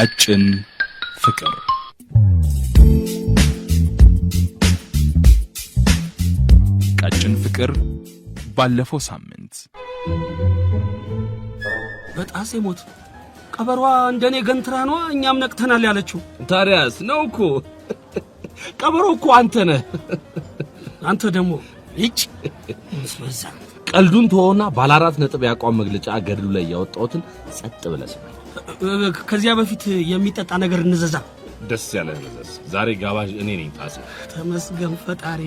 ቀጭን ፍቅር ቀጭን ፍቅር ባለፈው ሳምንት በጣሴ ሞት ቀበሯ እንደኔ ገንትራኗ እኛም ነቅተናል ያለችው ታዲያስ ነው እኮ ቀበሮ እኮ አንተ ነህ አንተ ደግሞ ይጭ ስበዛ ቀልዱን ተወውና ባለ አራት ነጥብ ያቋም መግለጫ ገድሉ ላይ ያወጣሁትን ጸጥ ብለህ ስማ ከዚያ በፊት የሚጠጣ ነገር እንዘዛ። ደስ ያለ ንዘዝ። ዛሬ ጋባዥ እኔ ነኝ። ጣሴ ተመስገን ፈጣሪ።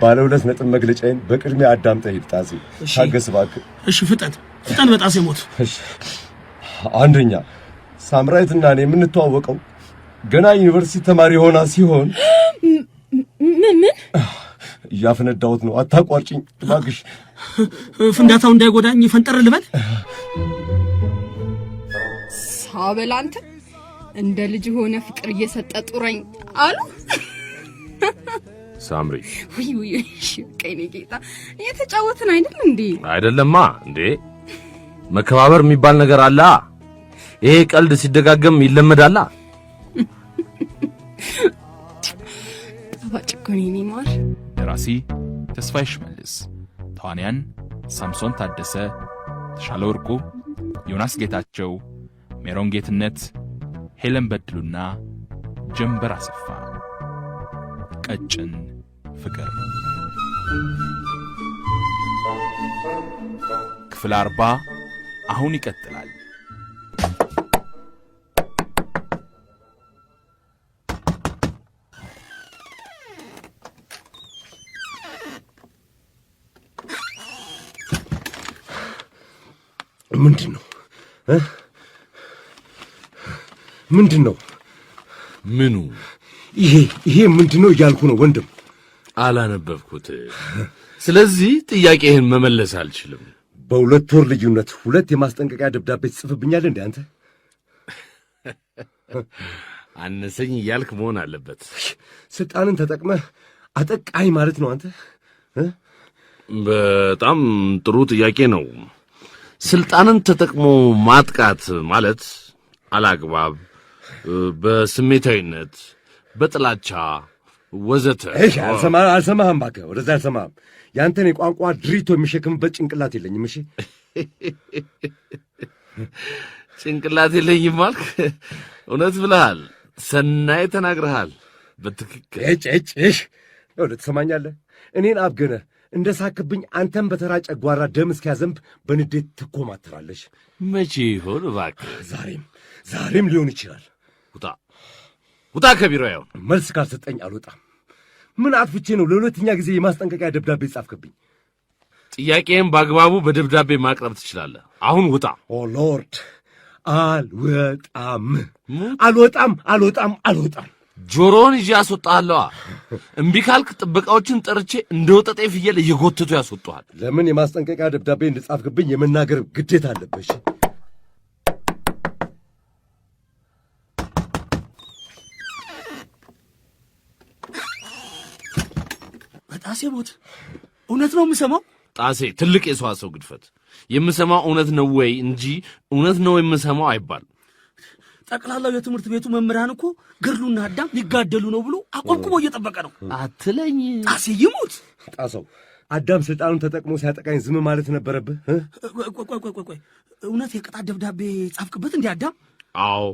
ባለ ሁለት ነጥብ መግለጫዬን በቅድሚያ አዳምጠህ ሂድ ጣሴ። ታገስ እባክህ። እሺ፣ ፍጠን ፍጠን። በጣሴ ሞት። አንደኛ ሳምራይትና እኔ የምንተዋወቀው ገና ዩኒቨርሲቲ ተማሪ ሆና ሲሆን ምን ምን እያፈነዳሁት ነው፣ አታቋርጭኝ እባክሽ። ፍንዳታው እንዳይጎዳኝ ፈንጠር ልበል። ቻው አንተ እንደ ልጅ ሆነ ፍቅር እየሰጠ ጡረኝ አሉ። ሳምሪ ውይ ውይ፣ እሺ ነው ጌታ። እየተጫወትን አይደል እንዴ? አይደለማ እንዴ። መከባበር የሚባል ነገር አለ። ይሄ ቀልድ ሲደጋገም ይለመዳላ። ጣፋጭ እኮ ነው የሚማር። ደራሲ ተስፋዬ ሽመልስ፣ ተዋንያን ሳምሶን ታደሰ፣ ተሻለ ወርቁ፣ ዮናስ ጌታቸው ሜሮን ጌትነት፣ ሄለን በድሉና ጀንበር አሰፋ። ቀጭን ፍቅር ክፍል አርባ አሁን ይቀጥላል። ምንድን ነው? ምንድን ነው ምኑ? ይሄ ይሄ ምንድን ነው እያልኩ ነው ወንድም። አላነበብኩት። ስለዚህ ጥያቄህን መመለስ አልችልም። በሁለት ወር ልዩነት ሁለት የማስጠንቀቂያ ደብዳቤ ትጽፍብኛል እንዴ አንተ? አነሰኝ እያልክ መሆን አለበት። ስልጣንን ተጠቅመህ አጠቃኝ ማለት ነው አንተ። በጣም ጥሩ ጥያቄ ነው። ስልጣንን ተጠቅሞ ማጥቃት ማለት አላግባብ በስሜታዊነት፣ በጥላቻ ወዘተ። አልሰማህም፣ እባክህ ወደዛ አልሰማህም። ያንተን የቋንቋ ድሪቶ የሚሸክምበት ጭንቅላት የለኝም። እሺ ጭንቅላት የለኝም አልክ? እውነት ብለሃል። ሰናይ ተናግረሃል። በትክክል ጭጭሽ ወደ ትሰማኛለህ። እኔን አብገነህ እንደ ሳክብኝ አንተን በተራ ጨጓራ ደም እስኪያዘንብ በንዴት ትኮማትራለሽ። መቼ ይሆን እባክህ? ዛሬም ዛሬም ሊሆን ይችላል። ውጣ ውጣ ከቢሮ ያው መልስ ካልሰጠኝ አልወጣም። ምን አጥፍቼ ነው ለሁለተኛ ጊዜ የማስጠንቀቂያ ደብዳቤ ጻፍክብኝ? ጥያቄም በአግባቡ በደብዳቤ ማቅረብ ትችላለህ። አሁን ውጣ። ኦ ሎርድ አልወጣም፣ አልወጣም፣ አልወጣም፣ አልወጣም። ጆሮውን ይዤ ያስወጣለዋ። እምቢ ካልክ ጥበቃዎችን ጠርቼ እንደ ወጠጤ ፍየል እየጎተቱ ያስወጡሃል። ለምን የማስጠንቀቂያ ደብዳቤ እንድጻፍክብኝ የመናገር ግዴታ አለበሽ ጣሴ ሞት እውነት ነው የምሰማው? ጣሴ ትልቅ የሰዋ ሰው ግድፈት። የምሰማው እውነት ነው ወይ እንጂ እውነት ነው የምሰማው አይባል። ጠቅላላው የትምህርት ቤቱ መምህራን እኮ ገድሉና አዳም ሊጋደሉ ነው ብሎ አቆልቁሞ እየጠበቀ ነው። አትለኝ ጣሴ ይሙት። ጣሰው አዳም ስልጣኑን ተጠቅሞ ሲያጠቃኝ ዝም ማለት ነበረብህ። ቆይ ቆይ ቆይ፣ እውነት የቅጣት ደብዳቤ ጻፍክበት እንዲ አዳም? አዎ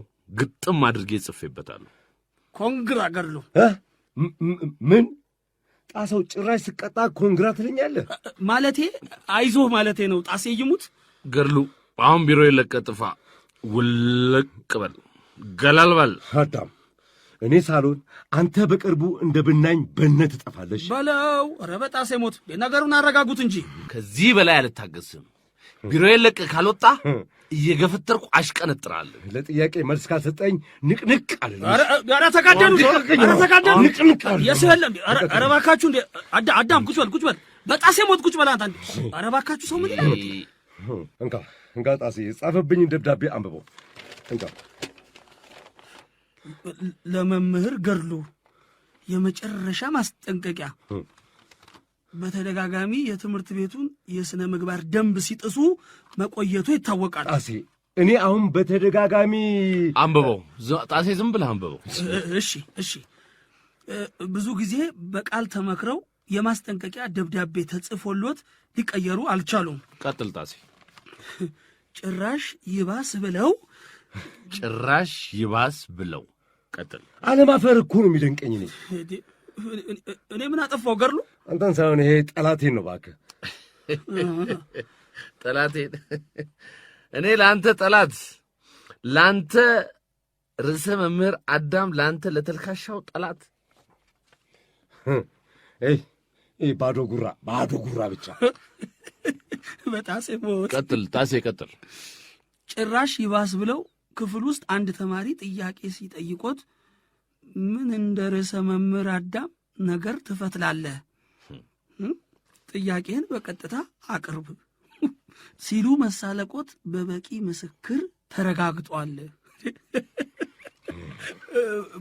ግጥም አድርጌ ጽፌበታለሁ። ኮንግራ ገድሉ ምን ጣሰው ጭራሽ ስቀጣ ኮንግራት ትለኛለህ? ማለቴ አይዞህ ማለቴ ነው። ጣሴ ይሙት ገድሉ፣ አሁን ቢሮ የለቀ ጥፋ፣ ውልቅ በል ገላልባል። አዳም እኔ ሳሎን አንተ በቅርቡ እንደ ብናኝ በነት ትጠፋለሽ በለው። ኧረ በጣሴ ሞት ነገሩን አረጋጉት እንጂ ከዚህ በላይ አልታገስም። ቢሮ የለቅ ካልወጣ እየገፈተርኩ አሽቀነጥራለሁ። ለጥያቄ መልስ ካልሰጠኝ ንቅንቅ አለ። ተጋደሉ፣ ተጋደሉ፣ ንቅንቅ ኧረ እባካችሁ አዳም ቁጭ በል፣ ቁጭ በል፣ በጣሴ ሞት ቁጭ በል አንተ። ኧረ እባካችሁ ሰው ምን ይላል? እንካ እንካ፣ ጣሴ የጻፈብኝን ደብዳቤ አንብበው። እንካ ለመምህር ገድሉ የመጨረሻ ማስጠንቀቂያ በተደጋጋሚ የትምህርት ቤቱን የሥነ ምግባር ደንብ ሲጥሱ መቆየቱ ይታወቃል። ጣሴ እኔ አሁን በተደጋጋሚ አንብበው፣ ጣሴ ዝም ብለህ አንብበው። እሺ እሺ። ብዙ ጊዜ በቃል ተመክረው የማስጠንቀቂያ ደብዳቤ ተጽፎሎት ሊቀየሩ አልቻሉም። ቀጥል ጣሴ። ጭራሽ ይባስ ብለው ጭራሽ ይባስ ብለው ቀጥል። አለማፈር እኮ ነው የሚደንቀኝ እኔ እኔ ምን አጠፋው? ገርሉ አንተን ሳይሆን ይሄ ጠላቴን ነው። እባክህ ጠላቴን እኔ ለአንተ ጠላት ለአንተ ርዕሰ መምህር አዳም ለአንተ ለተልካሻው ጠላት ይህ ባዶ ጉራ ባዶ ጉራ ብቻ በጣሴ ሞት። ቀጥል ጣሴ ቀጥል። ጭራሽ ይባስ ብለው ክፍል ውስጥ አንድ ተማሪ ጥያቄ ሲጠይቆት ምን እንደ ርዕሰ መምህር አዳም ነገር ትፈትላለህ? ጥያቄህን በቀጥታ አቅርብ ሲሉ መሳለቆት በበቂ ምስክር ተረጋግጧል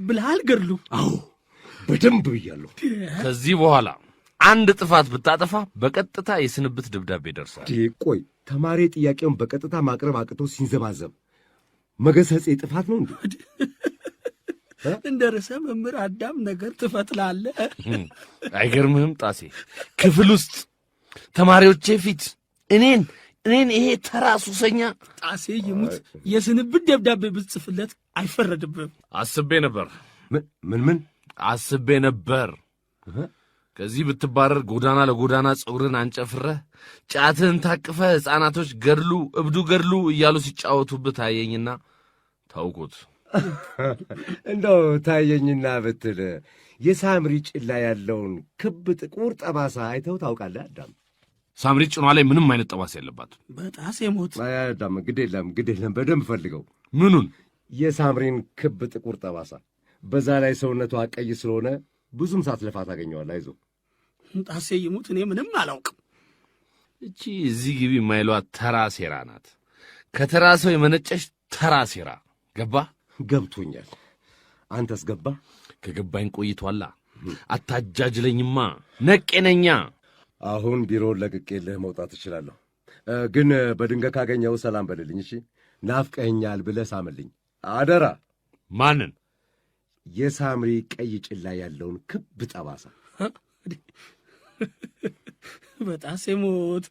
ብልሃል ገድሉ። አዎ በደንብ ብያለሁ። ከዚህ በኋላ አንድ ጥፋት ብታጠፋ በቀጥታ የስንብት ደብዳቤ ደርሷል። ቆይ ተማሪ ጥያቄውን በቀጥታ ማቅረብ አቅቶ ሲንዘባዘብ መገሰጽ ጥፋት ነው እንዴ? እንደ ርዕሰ መምህር አዳም ነገር ትፈትላለህ። አይገርምህም? ጣሴ ክፍል ውስጥ ተማሪዎቼ ፊት እኔን እኔን ይሄ ተራ ሱሰኛ ጣሴ ይሙት የስንብት ደብዳቤ ብትጽፍለት አይፈረድብም። አስቤ ነበር። ምን ምን አስቤ ነበር። ከዚህ ብትባረር ጎዳና ለጎዳና ፀጉርን አንጨፍረህ ጫትህን ታቅፈ ሕፃናቶች ገድሉ እብዱ ገድሉ እያሉ ሲጫወቱብህ ታየኝና ታውቁት እንደው ታየኝና ብትል የሳምሪ ጭላ ያለውን ክብ ጥቁር ጠባሳ አይተው ታውቃለህ አዳም? ሳምሪ ጭኗ ላይ ምንም አይነት ጠባሳ ያለባት በጣስ የሞት አዳም፣ ግድ የለም ግድ የለም፣ በደንብ ፈልገው። ምኑን? የሳምሪን ክብ ጥቁር ጠባሳ። በዛ ላይ ሰውነቷ ቀይ ስለሆነ ብዙም ሳትለፋ ታገኘዋል። አይዞ ጣሴ ይሙት፣ እኔ ምንም አላውቅም። እቺ እዚህ ግቢ የማይሏት ተራ ሴራ ናት። ከተራ ሰው የመነጨሽ ተራ ሴራ ገባ ገብቶኛል። አንተስ ገባ? ከገባኝ ቆይቷላ። አታጃጅለኝማ ነቄነኛ። አሁን ቢሮ ለቅቄልህ መውጣት እችላለሁ፣ ግን በድንገት ካገኘው ሰላም በልልኝ እሺ። ናፍቀኛል ብለህ ሳምልኝ አደራ። ማንን? የሳምሪ ቀይ ጭላ ያለውን ክብ ጠባሳ። በጣሴ ሞት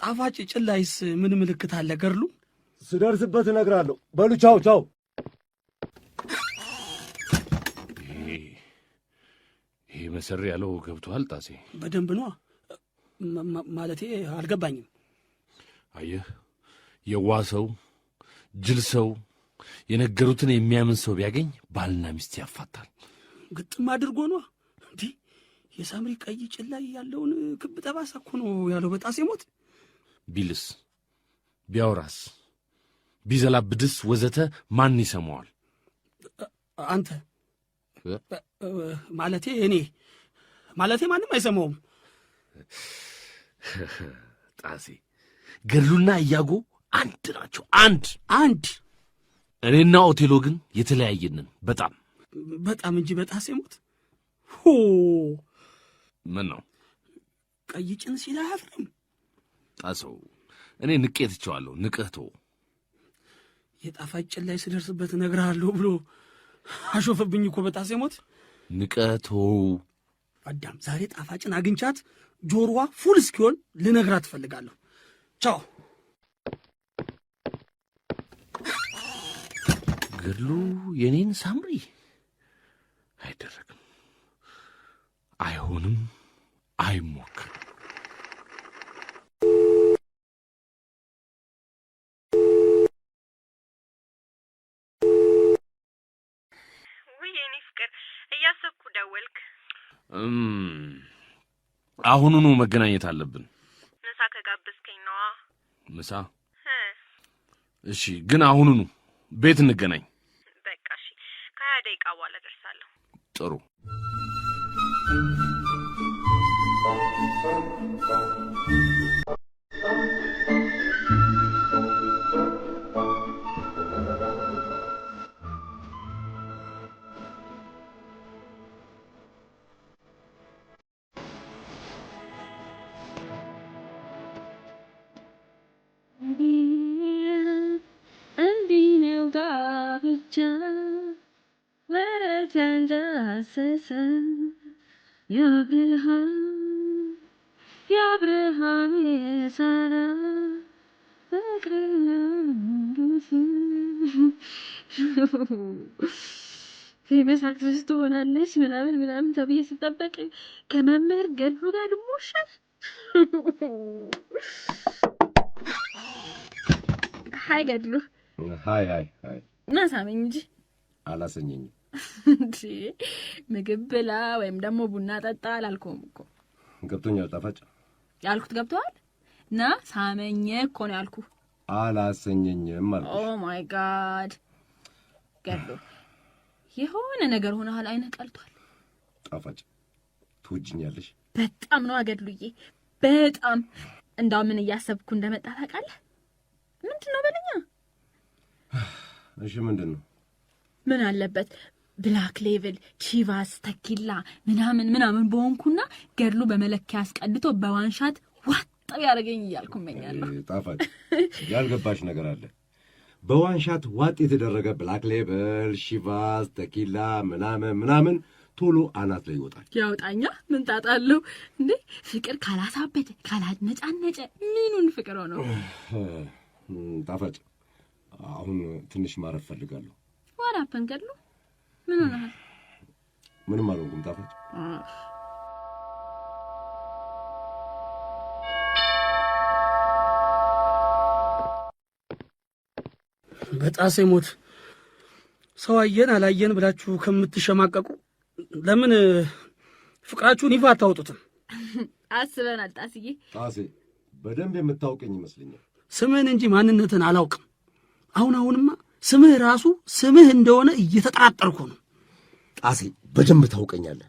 ጣፋጭ ጭላይስ ምን ምልክት አለ ገርሉ? ስደርስበት እነግራለሁ። በሉ ቻው ቻው። ይህ መሰሪ ያለው ገብቶሃል? ጣሴ በደንብ ነዋ። ማለቴ አልገባኝም። አየህ የዋ ሰው ጅል ሰው የነገሩትን የሚያምን ሰው ቢያገኝ ባልና ሚስት ያፋታል። ግጥም አድርጎ ነዋ። እንዲህ የሳምሪ ቀይ ጭን ላይ ያለውን ክብ ጠባሳ እኮ ነው ያለው በጣሴ ሞት ቢልስ ቢያወራስ ቢዘላብድስ ወዘተ ማን ይሰማዋል? አንተ ማለቴ እኔ ማለቴ ማንም አይሰማውም። ጣሴ ገድሉና እያጎ አንድ ናቸው። አንድ አንድ። እኔና ኦቴሎ ግን የተለያየንን በጣም በጣም እንጂ። በጣሴ ሞት ሆ ምን ነው ቀይ ጭን ሲል አያፍርም። ጣሰው እኔ ንቄ ትቸዋለሁ። ንቅህቶ የጣፋጭ ጭላይ ስደርስበት እነግርሃለሁ ብሎ አሾፈብኝ እኮ በጣሴ ሞት። ንቀቶ አዳም፣ ዛሬ ጣፋጭን አግኝቻት ጆሮዋ ፉል እስኪሆን ልነግራት ትፈልጋለሁ። ቻው። ገድሉ የኔን ሳምሪ አይደረግም፣ አይሆንም፣ አይሞክርም። የኔ ፍቅር እያሰብኩ ደወልክ። አሁኑኑ መገናኘት አለብን። ምሳ ከጋበዝከኝ ነዋ። ምሳ? እሺ፣ ግን አሁኑኑ ቤት እንገናኝ። በቃ እሺ፣ ከሀያ ደቂቃ በኋላ ደርሳለሁ። ጥሩ። في مسحك ترجع هنا يا من يا يا من عمل من ستبك كمان مرجل رجع لموشة حاجة دلو هاي هاي هاي እና ሳመኝ እንጂ አላሰኘኝ። እንዴ ምግብ ብላ ወይም ደግሞ ቡና ጠጣ አላልኩም እኮ። ገብቶኛል። ጣፋጭ ያልኩት ገብተዋል። እና ሳመኝ እኮ ነው ያልኩ። አላሰኘኝም ማለት ኦ ማይ ጋድ ገሎ የሆነ ነገር ሆነሃል። አይነት ቀልቷል። ጣፋጭ ትውጅኛለሽ። በጣም ነው አገድሉዬ፣ በጣም እንዳው ምን እያሰብኩ እንደመጣ ታውቃለህ? ምንድን ነው በለኛ እሺ ምንድን ነው? ምን አለበት ብላክ ሌቭል ቺቫስ ተኪላ ምናምን ምናምን በሆንኩና ገድሉ በመለኪያ አስቀድቶ በዋንሻት ዋጥ ያደረገኝ እያልኩ እመኛለሁ። ጣፋጭ ያልገባሽ ነገር አለ። በዋንሻት ዋጥ የተደረገ ብላክ ሌቭል ሺቫስ ተኪላ ምናምን ምናምን ቶሎ አናት ላይ ይወጣል። ያውጣኛ ምን እንዴ? ፍቅር ካላሳበደ ካላነጫነጨ ምኑን ፍቅር ሆነው። ጣፋጭ አሁን ትንሽ ማረፍ ፈልጋለሁ። ዋናፈን ገድሉ ምን ሆነሃል? ምንም አልሆንኩም። ጣፋጭ በጣሴ ሞት ሰው አየን አላየን ብላችሁ ከምትሸማቀቁ ለምን ፍቅራችሁን ይፋ አታውጡትም? አስበናል። ጣስዬ ጣሴ በደንብ የምታውቀኝ ይመስለኛል። ስምህን እንጂ ማንነትን አላውቅም። አሁን አሁንማ ስምህ ራሱ ስምህ እንደሆነ እየተጠራጠርኩ ነው። ጣሴ በደንብ ታውቀኛለህ።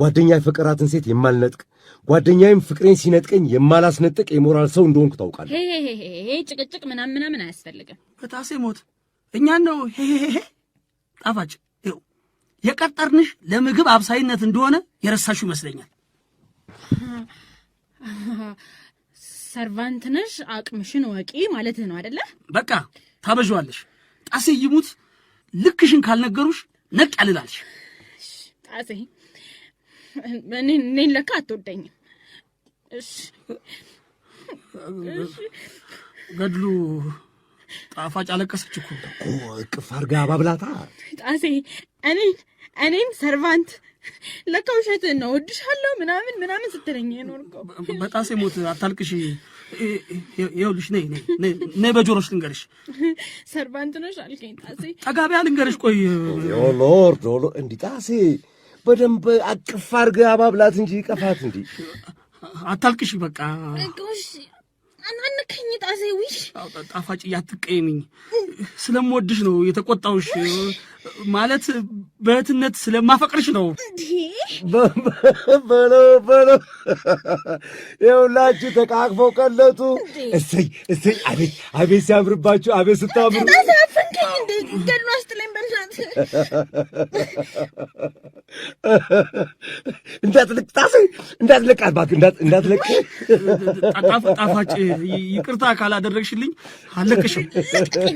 ጓደኛ የፈቀራትን ሴት የማልነጥቅ ጓደኛዬም ፍቅሬን ሲነጥቀኝ የማላስነጥቅ የሞራል ሰው እንደሆንኩ ታውቃለህ። ጭቅጭቅ ምናምን ምናምን አያስፈልግም። በጣሴ ሞት እኛን ነው ሄሄሄ ጣፋጭ ው የቀጠርንሽ ለምግብ አብሳይነት እንደሆነ የረሳሹ ይመስለኛል። ሰርቫንትነሽ አቅምሽን ወቂ ማለት ነው አደለ? በቃ ታበዣዋለሽ። ጣሴ ይሙት ልክሽን ካልነገሩሽ ነቅ ያልላልሽ። ጣሴ እኔን ለካ አትወደኝም። ገድሉ ጣፋጭ አለቀሰች እኮ እኮ እቅፍ አርጋ ባብላታ። ጣሴ እኔን እኔን ሰርቫንት ለካ ውሸትህን ነው እወድሻለሁ ምናምን ምናምን ስትለኝ የኖርከው በጣሴ ሞት አታልቅሽ። ይኸውልሽ ነይ ነይ ነይ፣ በጆሮሽ ልንገርሽ። ሰርቫንት ነሽ አልከኝ ጣሴ። ጠጋቢያ ልንገርሽ። ቆይ ኦ ሎርድ ሎ እንዲ ጣሴ በደንብ አቅፍ አድርገህ አባብላት እንጂ ቀፋት እንዲ አታልቅሽ። በቃ አንነከኝ ጣሴ። ጣፋጭ እያትቀይምኝ ስለምወድሽ ነው የተቆጣውሽ። ማለት በእህትነት ስለማፈቅርሽ ነው። በሎ በሎ የሁላችሁ ተቃቅፈው ቀለጡ። እሰይ እሰይ! አቤት አቤት! ሲያምርባችሁ! አቤት ስታምሩ! እንዳትለቅ ጣሴ እንዳትለቅ፣ እባክህ እንዳትለቅ። ጣፋጭ ይቅርታ ካላደረግሽልኝ አለቅሽም።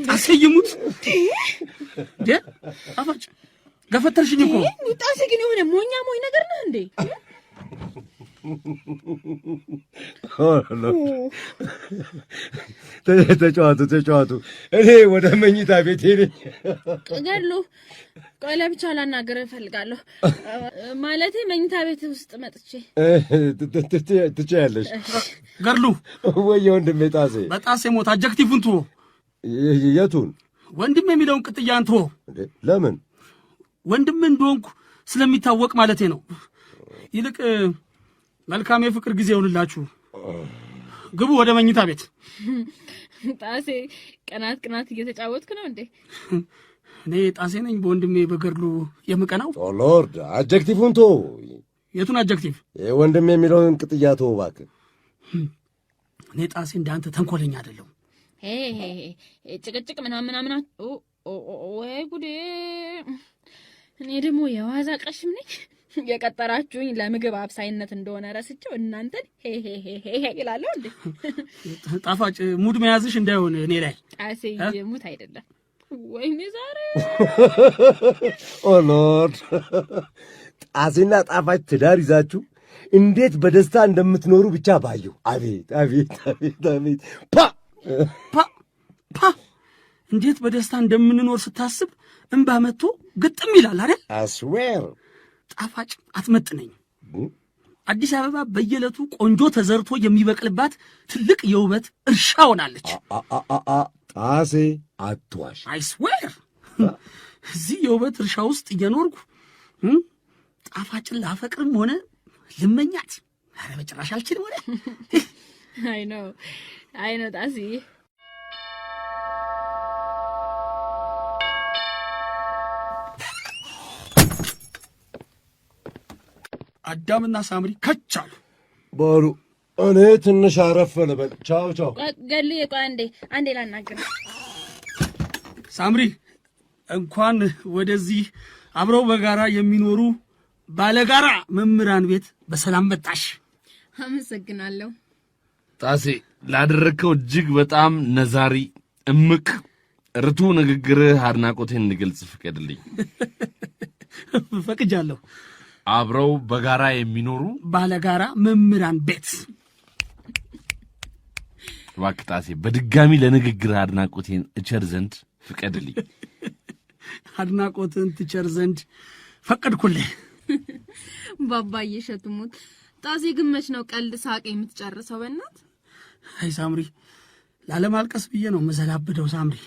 ጣሴ ይሙት እንዴ አፋጭ ገፈተርሽኝ እኮ ጣሴ። ግን የሆነ ሞኛ ሞኝ ነገር ነህ እንዴ? ተጫዋቱ ተጫዋቱ። እኔ ወደ መኝታ ቤት ሄደኝ ገሉ። ቆይ ለብቻ ላናገር እፈልጋለሁ። ማለቴ መኝታ ቤት ውስጥ መጥቼ ወንድሜ ጣሴ፣ በጣሴ ሞት ትሆ የቱን ወንድም የሚለውን ቅጥያ አንተ ለምን ወንድም እንደሆንኩ ስለሚታወቅ ማለቴ ነው። ይልቅ መልካም የፍቅር ጊዜ ይሆንላችሁ። ግቡ ወደ መኝታ ቤት። ጣሴ ቀናት ቅናት እየተጫወትክ ነው እንዴ? እኔ ጣሴ ነኝ በወንድሜ በገድሉ የምቀናው። ሎርድ አጀክቲቭን ቶ የቱን አጀክቲቭ? ወንድሜ የሚለውን ቅጥያ ቶ እባክህ። እኔ ጣሴ እንዳንተ ተንኮለኛ አይደለሁም። ጭቅጭቅ ምናምን ምናምን ወይ ጉዴ! እኔ ደግሞ የዋዛ ቀሽም ነኝ። የቀጠራችሁኝ ለምግብ አብሳይነት እንደሆነ ረስቼው እናንተን ሄሄሄሄ ይላለሁ። እንዴ ጣፋጭ ሙድ መያዝሽ እንዳይሆን እኔ ላይ ጣሴ ሙት አይደለም። ወይኔ ዛሬ ኦሎድ ጣሴና ጣፋጭ ትዳር ይዛችሁ እንዴት በደስታ እንደምትኖሩ ብቻ ባየሁ። አቤት አቤት አቤት አቤት ፓ ፓ ፓ እንዴት በደስታ እንደምንኖር ስታስብ እንባ መጥቶ ግጥም ይላል አይደል? አስዌር ጣፋጭ አትመጥነኝ። አዲስ አበባ በየዕለቱ ቆንጆ ተዘርቶ የሚበቅልባት ትልቅ የውበት እርሻ ሆናለች። ጣሴ አትዋሽ። አይስዌር እዚህ የውበት እርሻ ውስጥ እየኖርኩ ጣፋጭን ላፈቅርም ሆነ ልመኛት ኧረ በጭራሽ አልችልም ሆነ I know. I know that's it. አዳምና ሳምሪ ከች አሉ። በሉ እኔ ትንሽ አረፍ ልበል። ቻው ቻው። ገሉ የቆይ አንዴ አንዴ ላናግር። ሳምሪ እንኳን ወደዚህ አብረው በጋራ የሚኖሩ ባለጋራ መምህራን ቤት በሰላም መጣሽ። አመሰግናለሁ። ጣሴ ላደረግከው እጅግ በጣም ነዛሪ እምቅ ርቱ ንግግርህ አድናቆቴን እንድገልጽ ፍቀድልኝ። ፈቅጃለሁ። አብረው በጋራ የሚኖሩ ባለጋራ መምህራን ቤት እባክህ ጣሴ በድጋሚ ለንግግር አድናቆቴን እቸር ዘንድ ፍቀድልኝ። አድናቆትን ትቸር ዘንድ ፈቀድኩልህ። ባባ እየሸትሙት ጣሴ ግን መች ነው ቀልድ ሳቅ የምትጨርሰው? በእናት አይ ሳምሪ፣ ላለማልቀስ ብዬ ነው መዘላብደው። ሳምሪ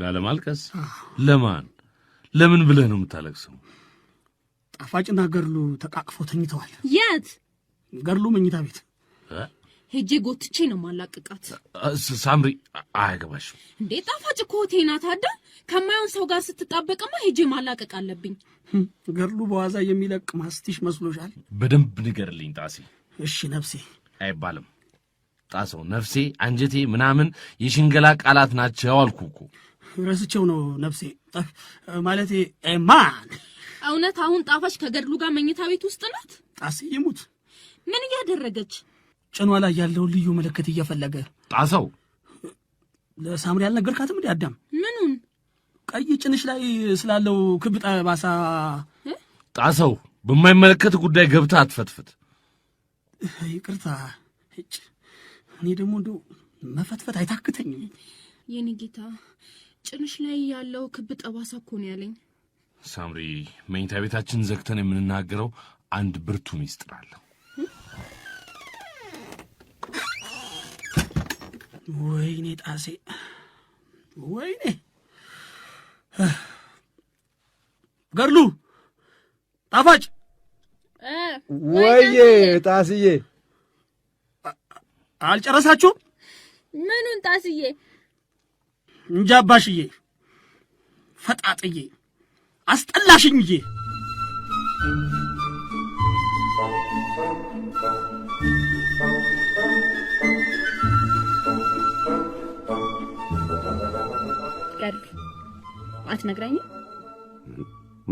ላለማልቀስ? ለማን ለምን ብለህ ነው የምታለቅሰው? ጣፋጭና ገድሉ ተቃቅፎ ተኝተዋል። የት? ገድሉ መኝታ ቤት ሄጄ ጎትቼ ነው ማላቅቃት። ሳምሪ አያገባሽም እንዴ? ጣፋጭ እኮ ሆቴና ታዳ ከማየውን ሰው ጋር ስትጣበቅማ ሄጄ ማላቀቅ አለብኝ። ገድሉ በዋዛ የሚለቅ ማስቲሽ መስሎሻል? በደንብ ንገርልኝ ጣሴ። እሺ ነፍሴ አይባልም ጣሰው፣ ነፍሴ፣ አንጀቴ ምናምን የሽንገላ ቃላት ናቸው አልኩ እኮ ረስቸው ነው ነፍሴ ማለት ማን። እውነት አሁን ጣፋሽ ከገድሉ ጋር መኝታ ቤት ውስጥ ናት? ጣሴ ይሙት ምን እያደረገች? ጭኗ ላይ ያለውን ልዩ ምልክት እየፈለገ ጣሰው፣ ለሳምሪ ያልነገርካትም እንዲ አዳም ቀይ ጭንሽ ላይ ስላለው ክብ ጠባሳ ጣሰው፣ በማይመለከት ጉዳይ ገብታ አትፈትፍት። ይቅርታ፣ እኔ ደግሞ እንደ መፈትፈት አይታክተኝም። የኔ ጌታ፣ ጭንሽ ላይ ያለው ክብ ጠባሳ እኮ ነው ያለኝ። ሳምሪ፣ መኝታ ቤታችን ዘግተን የምንናገረው አንድ ብርቱ ሚስጥር አለው። ወይኔ ጣሴ፣ ወይኔ ገድሉ ጣፋጭ ወይዬ ጣስዬ አልጨረሳችሁም? ምኑን ጣስዬ? እንጃባሽዬ፣ ፈጣጥዬ፣ አስጠላሽኝዬ አትነግራኝም?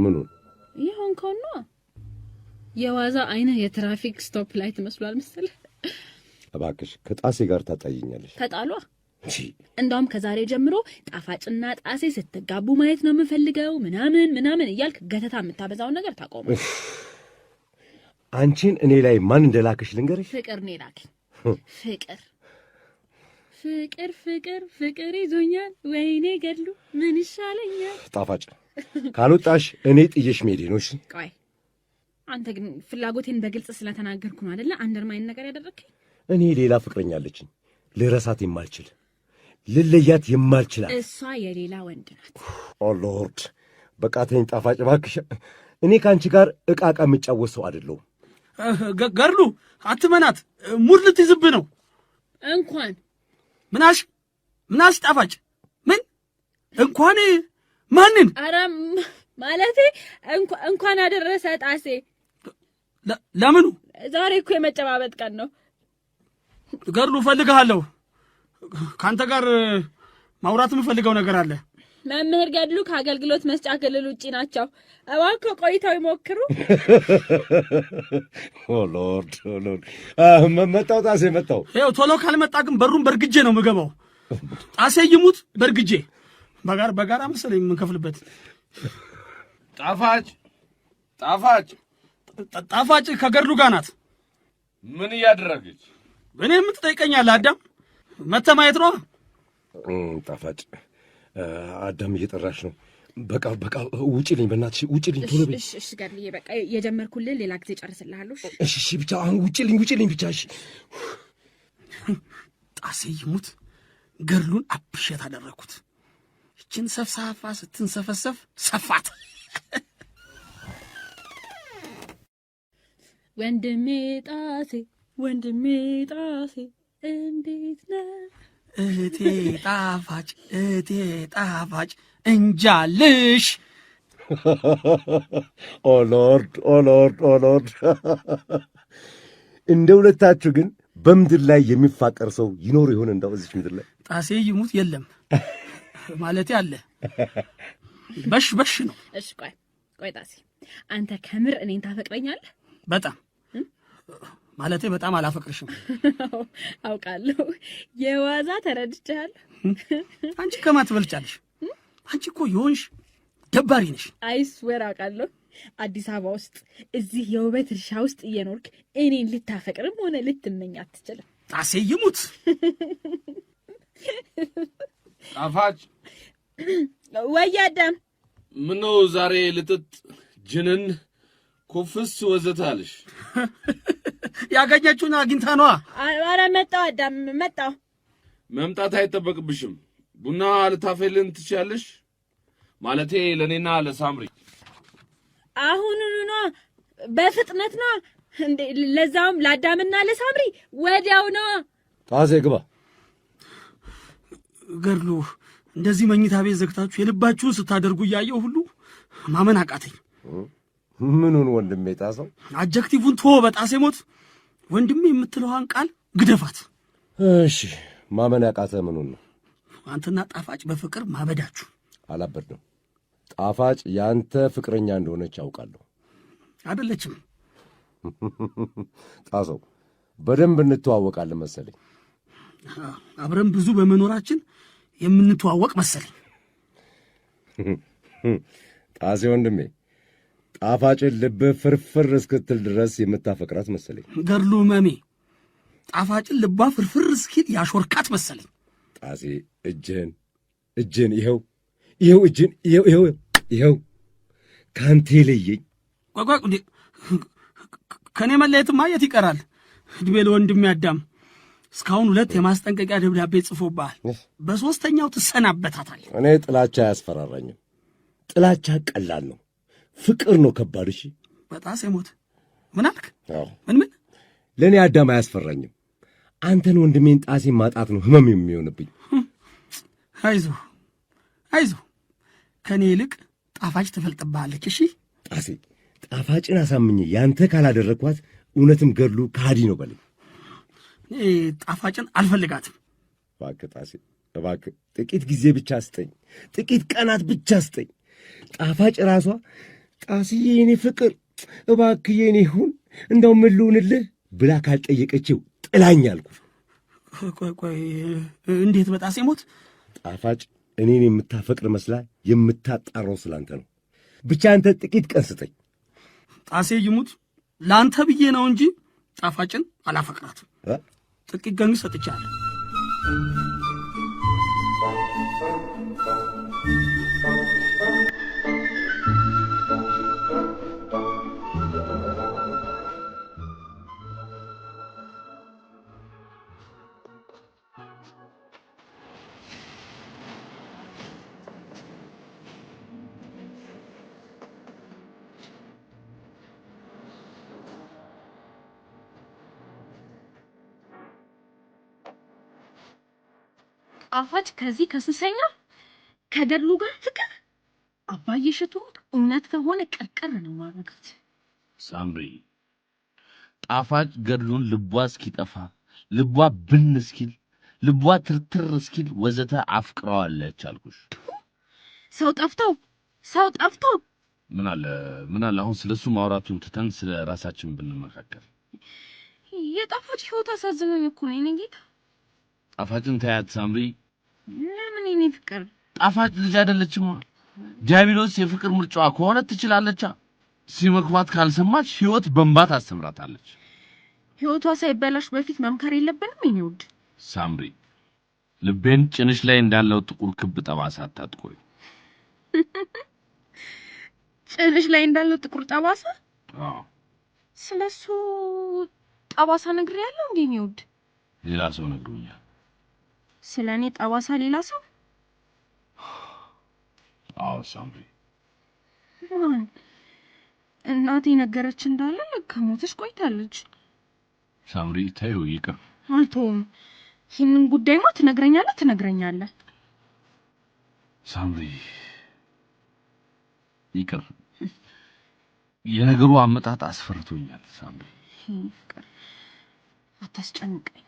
ምኑን? ይሁን ከሆነ የዋዛ አይነ የትራፊክ ስቶፕ ላይት መስሏል መሰለህ። እባክሽ ከጣሴ ጋር ታጣይኛለሽ። ከጣሏ እንዳውም ከዛሬ ጀምሮ ጣፋጭና ጣሴ ስትጋቡ ማየት ነው የምንፈልገው ምናምን ምናምን እያልክ ገተታ የምታበዛውን ነገር ታቆመ። አንቺን እኔ ላይ ማን እንደላክሽ ልንገርሽ? ፍቅር እኔ ላኪ ፍቅር ፍቅር ፍቅር ፍቅር ይዞኛል፣ ወይኔ ገድሉ ምን ይሻለኛል። ጣፋጭ ካልወጣሽ እኔ ጥየሽ መሄዴ ነው። ቆይ አንተ ግን ፍላጎቴን በግልጽ ስለተናገርኩ ነው አደለ አንደርማይን ነገር ያደረግከኝ። እኔ ሌላ ፍቅረኛ አለችኝ፣ ልረሳት የማልችል ልለያት የማልችላት። እሷ የሌላ ወንድ ናት። ኦ ሎርድ ጣፋጭ እባክሽ። እኔ ከአንቺ ጋር ዕቃ ዕቃ የምጫወት ሰው አይደለሁም። ገድሉ አትመናት፣ ሙድ ልትይዝብህ ነው እንኳን ምናሽ ምናሽ ጣፋጭ ምን እንኳን ማንን? ኧረ ማለቴ እንኳን አደረሰ ጣሴ። ለምኑ? ዛሬ እኮ የመጨባበጥ ቀን ነው። ገድሉ እፈልግሃለሁ። ከአንተ ጋር ማውራት የምፈልገው ነገር አለ። መምህር ገድሉ ከአገልግሎት መስጫ ክልል ውጭ ናቸው። እባክዎ ቆይተው ይሞክሩ። ሎርድ መጣው ጣሴ መጣው። ይኸው ቶሎ ካልመጣ ግን በሩን በእርግጄ ነው የምገባው። ጣሴ ይሙት በእርግጄ በጋር በጋራ መሰለኝ የምንከፍልበት። ጣፋጭ ጣፋጭ ጣፋጭ ከገድሉ ጋር ናት። ምን እያደረገች እኔ የምትጠይቀኛለህ? አዳም መተማየት ነዋ። ጣፋጭ አዳም እየጠራሽ ነው። በቃ በቃ ውጭልኝ፣ በእናትሽ ውጭልኝ፣ ቶሎ በይ። እሺ ጋርዬ፣ በቃ የጀመርኩልን ሌላ ጊዜ ጨርስልሃለሁ። እሺ እሺ፣ ብቻ አሁን ውጭልኝ፣ ውጭ ልኝ ብቻ እሺ ጣሴ ይሙት፣ ገድሉን አብሸት አደረግኩት። ይችን ሰፍሳፋ ስትንሰፈሰፍ ሰፋት። ወንድሜ ጣሴ፣ ወንድሜ ጣሴ እንዴት ነህ? እቴ ጣፋጭ እቴ ጣፋጭ እንጃልሽ ኦሎርድ ኦሎርድ ኦሎርድ። እንደ ሁለታችሁ ግን በምድር ላይ የሚፋቀር ሰው ይኖር ይሆን? እንደው እዚች ምድር ላይ ጣሴ ይሙት የለም ማለት አለ። በሽ በሽ ነው። እሽ ቆይ ቆይ፣ ጣሴ አንተ ከምር እኔን ታፈቅረኛለህ? በጣም ማለት በጣም አላፈቅርሽም። አውቃለሁ። የዋዛ ተረድቻል። አንቺ ከማን ትበልጫለሽ? አንቺ እኮ የሆንሽ ደባሪ ነሽ። አይስዌር አውቃለሁ። አዲስ አበባ ውስጥ እዚህ የውበት እርሻ ውስጥ እየኖርክ እኔን ልታፈቅርም ሆነ ልትመኝ አትችልም። ጣሴ ይሙት ጣፋጭ ወያዳም ምነው ዛሬ ልጥጥ ጅንን ኩፍስ ወዘተ አለሽ። ያገኘችውን አግኝታ ነዋ። አረ መጣሁ፣ አዳም መጣሁ። መምጣት አይጠበቅብሽም። ቡና ልታፈልን ትችያለሽ። ማለቴ ለእኔና ለሳምሪ። አሁኑኑ ነዋ፣ በፍጥነት ነ እንዴ ለዛውም ለአዳምና ለሳምሪ ወዲያው ነ ጣሴ ግባ። ገድሉ እንደዚህ መኝታ ቤት ዘግታችሁ የልባችሁን ስታደርጉ እያየው ሁሉ ማመን አቃተኝ። ምኑን ወንድሜ ጣሰው? አጀክቲቭን ቶ በጣሴ ሞት ወንድሜ የምትለዋን ቃል ግደፋት። እሺ ማመን ያቃተ ምኑን ነው? አንተና ጣፋጭ በፍቅር ማበዳችሁ። አላበድነው። ጣፋጭ ያንተ ፍቅረኛ እንደሆነች አውቃለሁ አይደለችም ጣሰው? በደንብ እንተዋወቃለን መሰለኝ። አብረን ብዙ በመኖራችን የምንተዋወቅ መሰለኝ። ጣሴ ወንድሜ ጣፋጭን ልብህ ፍርፍር እስክትል ድረስ የምታፈቅራት መሰለኝ። ገድሉ መሜ ጣፋጭን ልባ ፍርፍር እስኪል ያሾርካት መሰለኝ። ጣሴ እጅህን እጅህን ይኸው ይኸው እጅህን ይኸው ይኸው ይኸው ከአንቴ ለየኝ። ከእኔ መለየትማ የት ይቀራል? እድሜ ወንድም ያዳም እስካሁን ሁለት የማስጠንቀቂያ ደብዳቤ ጽፎብሃል። በሦስተኛው ትሰናበታታል። እኔ ጥላቻ አያስፈራራኝም። ጥላቻ ቀላል ነው። ፍቅር ነው ከባድ። እሺ በጣሴ ሞት ምን አልክ? ምን ምን? ለእኔ አዳም አያስፈራኝም። አንተን ወንድሜን ጣሴ ማጣት ነው ህመም የሚሆንብኝ። አይዞ አይዞ፣ ከእኔ ይልቅ ጣፋጭ ትፈልጥብሃለች። እሺ ጣሴ፣ ጣፋጭን አሳምኝ። ያንተ ካላደረግኳት እውነትም ገድሉ ከሃዲ ነው በለኝ። እኔ ጣፋጭን አልፈልጋትም። እባክህ ጣሴ እባክህ፣ ጥቂት ጊዜ ብቻ ስጠኝ፣ ጥቂት ቀናት ብቻ ስጠኝ። ጣፋጭ ራሷ ጣስዬ የኔ ፍቅር እባክህ የኔ ይሁን እንደው ምን ልሁንልህ ብላ ካልጠየቀችው ጥላኝ አልኩ። ቆይ ቆይ እንዴት በጣሴ ሞት ጣፋጭ እኔን የምታፈቅር መስላ የምታጣረው ስላንተ ነው። ብቻ አንተ ጥቂት ቀን ስጠኝ። ጣሴ ይሙት ለአንተ ብዬ ነው እንጂ ጣፋጭን አላፈቅራትም። ጥቂት ገንግ ሰጥቻለሁ። ጣፋጭ ከዚህ ከስንሰኛ ከደሉ ጋር ፍቅር አባዬ ሽቶት እውነት ከሆነ ቅርቅር ነው ማረጋት። ሳምሪ ጣፋጭ ገድሉን ልቧ እስኪጠፋ ልቧ ብን እስኪል ልቧ ትርትር እስኪል ወዘተ አፍቅረዋለች አልኩሽ። ሰው ጠፍተው ሰው ጠፍተው ምን አለ ምን አለ አሁን ስለ እሱ ማውራቱን ትተን ስለ ራሳችን ብንመካከል። የጣፋጭ ህይወት አሳዝነኝ እኮ ነኝ ጌታ። ጣፋጭን ተያት ሳምሪ ለምን የኔ ፍቅር ጣፋጭ ልጅ አይደለችም? ዲያብሎስ የፍቅር ምርጫዋ ከሆነ ትችላለቻ። ሲመክሯት ካልሰማች ህይወት በንባት አስተምራታለች። ህይወቷ ሳይበላሽ በፊት መምከር የለብንም የኔ ሳምሪ። ልቤን ጭንሽ ላይ እንዳለው ጥቁር ክብ ጠባሳ አታጥቆሪ። ጭንሽ ላይ እንዳለው ጥቁር ጠባሳ? ስለሱ ጠባሳ ነግሬያለሁ እንዴ? እኔ ውድ ሌላ ሰው ነግሮኛል። ስለ እኔ ጠባሳ ሌላ ሰው? አዎ ሳምሪ። ማን? እናቴ ነገረች እንዳለ ከሞተች ቆይታለች። ሳምሪ ተይው፣ ይቅር። አልተውም። ይህንን ጉዳይ ማ ትነግረኛለህ ትነግረኛለህ። ሳምሪ ይቅር። የነገሩ አመጣጥ አስፈርቶኛል ሳምሪ። ይቅር፣ አታስጨንቀኝ።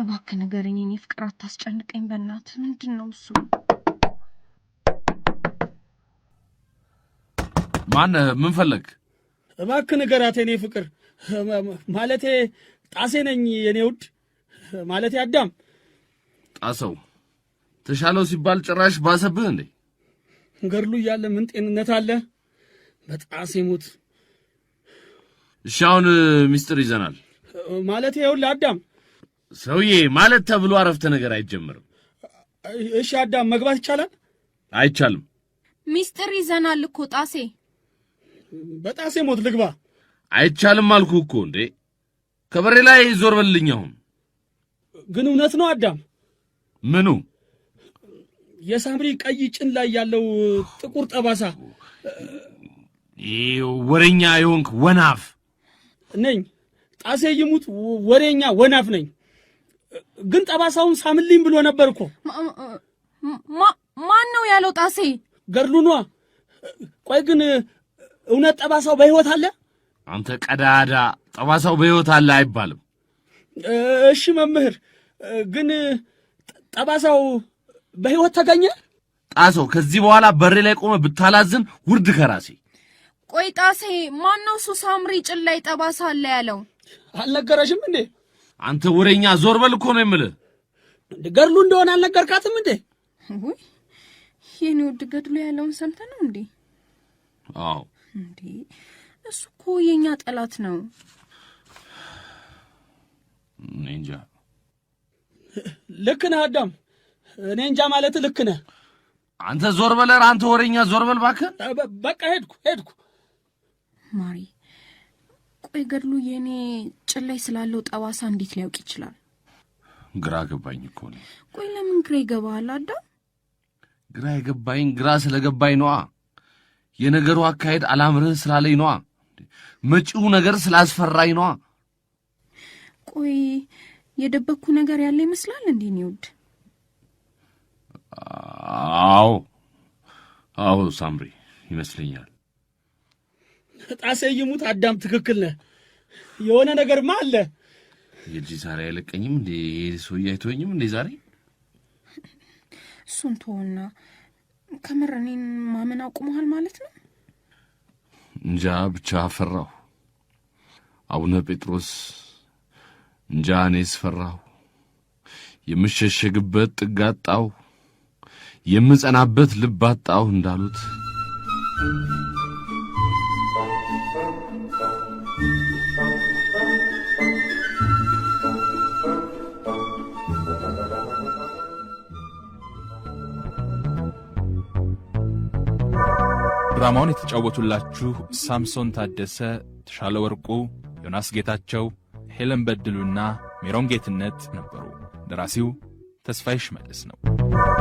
እባክ ንገረኝ የኔ ፍቅር፣ አታስጨንቀኝ በእናት ምንድን ነው እሱ? ማን ምን ፈለግ? እባክህ ንገራት እኔ ፍቅር። ማለቴ ጣሴ ነኝ የኔ ውድ፣ ማለቴ አዳም። ጣሰው ተሻለው ሲባል ጭራሽ ባሰብህ እንዴ? ገድሉ እያለ ምን ጤንነት አለ? በጣሴ ሞት። እሺ አሁን ሚስጥር ይዘናል። ማለቴ ይኸውልህ አዳም ሰውዬ ማለት ተብሎ አረፍተ ነገር አይጀምርም። እሺ አዳም መግባት ይቻላል? አይቻልም። ሚስጥር ይዘናል እኮ ጣሴ። በጣሴ ሞት ልግባ። አይቻልም አልኩ እኮ እንዴ። ከበሬ ላይ ዞር በልልኝ። አሁን ግን እውነት ነው አዳም። ምኑ? የሳምሪ ቀይ ጭን ላይ ያለው ጥቁር ጠባሳ። ወሬኛ የሆንክ ወናፍ ነኝ። ጣሴ ይሙት፣ ወሬኛ ወናፍ ነኝ። ግን ጠባሳውን ሳምልኝ ብሎ ነበር እኮ። ማን ነው ያለው? ጣሴ ገድሉኗ። ቆይ ግን እውነት ጠባሳው በሕይወት አለ? አንተ ቀዳዳ፣ ጠባሳው በሕይወት አለ አይባልም። እሺ መምህር፣ ግን ጠባሳው በሕይወት ተገኘ? ጣሰው፣ ከዚህ በኋላ በሬ ላይ ቆመ ብታላዝን ውርድ ከራሴ። ቆይ ጣሴ፣ ማን ነው እሱ ሳምሪ ጭን ላይ ጠባሳ አለ ያለው? አልነገረሽም እንዴ? አንተ ወሬኛ ዞር በል እኮ ነው የምልህ። ገድሉ እንደሆነ አልነገርካትም እንዴ? ውይ የኔ ውድ ገድሉ ያለውን ሰምተ ነው እንዴ? አዎ እንዴ፣ እሱ እኮ የእኛ ጠላት ነው። እኔ እንጃ። ልክ ነህ አዳም፣ እኔ እንጃ ማለት ልክ ነህ። አንተ ዞር በለር፣ አንተ ወሬኛ ዞር በል እባክህ። በቃ ሄድኩ ሄድኩ ማሪ ቆይ ገድሉ የእኔ ጭላይ ስላለው ጠባሳ እንዴት ሊያውቅ ይችላል? ግራ ገባኝ እኮ እኔ። ቆይ ለምን ግራ ይገባሃል አዳም? ግራ የገባኝ ግራ ስለገባኝ ነዋ። የነገሩ አካሄድ አላምርህ ስላለኝ ነዋ። መጪው ነገር ስላስፈራኝ ነዋ። ቆይ የደበቅኩ ነገር ያለ ይመስላል እንዴ? ኒውድ አዎ አዎ፣ ሳምሪ ይመስለኛል ጣሴ ይሙት አዳም ትክክል ነህ። የሆነ ነገርማ አለ። እንግዲህ ዛሬ አይለቀኝም እንዴ? ሰውዬ አይተወኝም እንዴ ዛሬ? እሱን ተወና፣ ከምር እኔን ማመን አቁመሃል ማለት ነው? እንጃ ብቻ ፈራሁ። አቡነ ጴጥሮስ እንጃ፣ እኔስ ፈራሁ። የምሸሸግበት ጥግ አጣሁ፣ የምጸናበት ልብ አጣሁ እንዳሉት ድራማውን የተጫወቱላችሁ ሳምሶን ታደሰ፣ ተሻለ ወርቁ፣ ዮናስ ጌታቸው፣ ሄለን በድሉና ሜሮን ጌትነት ነበሩ። ደራሲው ተስፋዬ ሽመልስ ነው።